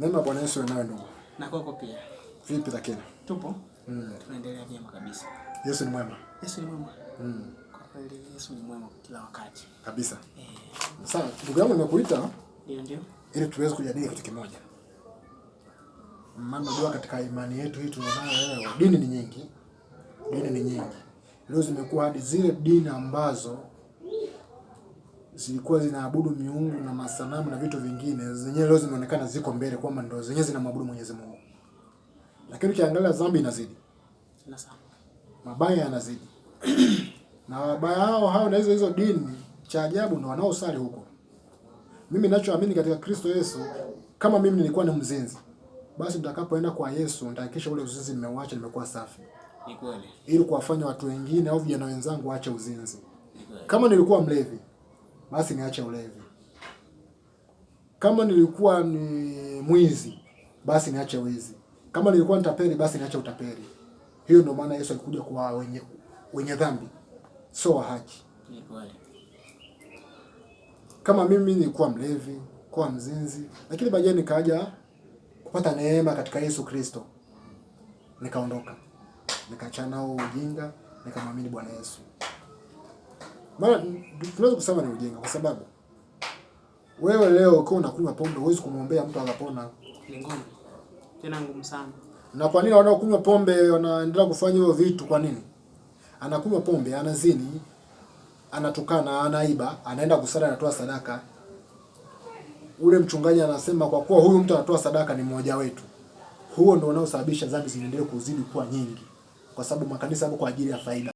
Neema Bwana Yesu nawe ndugu. Na kwako pia. Vipi lakini? Tupo. Mm. Tunaendelea vyema kabisa. Yesu ni mwema. Yesu ni mwema. Mm. Kwa kweli Yesu ni mwema kila wakati. Kabisa. Eh. Sasa ndugu yangu nimekuita. Ndio ndio. Ili tuweze kujadili kitu kimoja. Maana unajua katika imani yetu hii tunayo wewe, dini ni nyingi. Dini ni nyingi. Leo zimekuwa hadi zile dini ambazo zilikuwa zinaabudu miungu na masanamu na vitu vingine, zenyewe leo zimeonekana ziko mbele kwamba ndio zenyewe zinamwabudu Mwenyezi Mungu. Lakini ukiangalia dhambi inazidi, na sana, mabaya yanazidi na wabaya hao hao na hizo hizo dini, cha ajabu ndio wanaosali huko. Mimi ninachoamini katika Kristo Yesu, kama mimi nilikuwa ni mzinzi, basi nitakapoenda kwa Yesu nitahakikisha ule uzinzi nimeuacha, nimekuwa safi, ni kweli, ili kuwafanya watu wengine au vijana wenzangu waache uzinzi. Kama nilikuwa mlevi basi niache ulevi. Kama nilikuwa ni mwizi, basi niache wizi. Kama nilikuwa nitapeli, basi niache utapeli. Hiyo ndio maana Yesu alikuja kwa wenye, wenye dhambi, sio wa haki. Kama mimi nilikuwa mlevi, kuwa mzinzi, lakini baadaye nikaja kupata neema katika Yesu Kristo, nikaondoka, nikaachana nao ujinga, nikamwamini Bwana Yesu maana tunaweza kusema ni ujinga, kwa sababu wewe leo ukiwa unakunywa pombe huwezi kumwombea mtu akapona. Ni ngumu tena ngumu sana. Na kwa nini wanaokunywa pombe wanaendelea kufanya hivyo vitu? Kwa nini anakunywa pombe, anazini, anatukana, anaiba, anaenda kusala, anatoa sadaka. Ule mchungaji anasema kwa kuwa huyu mtu anatoa sadaka ni mmoja wetu. Huo ndio unaosababisha dhambi zinaendelea kuzidi kuwa nyingi, kwa sababu makanisa yako kwa ajili ya faida.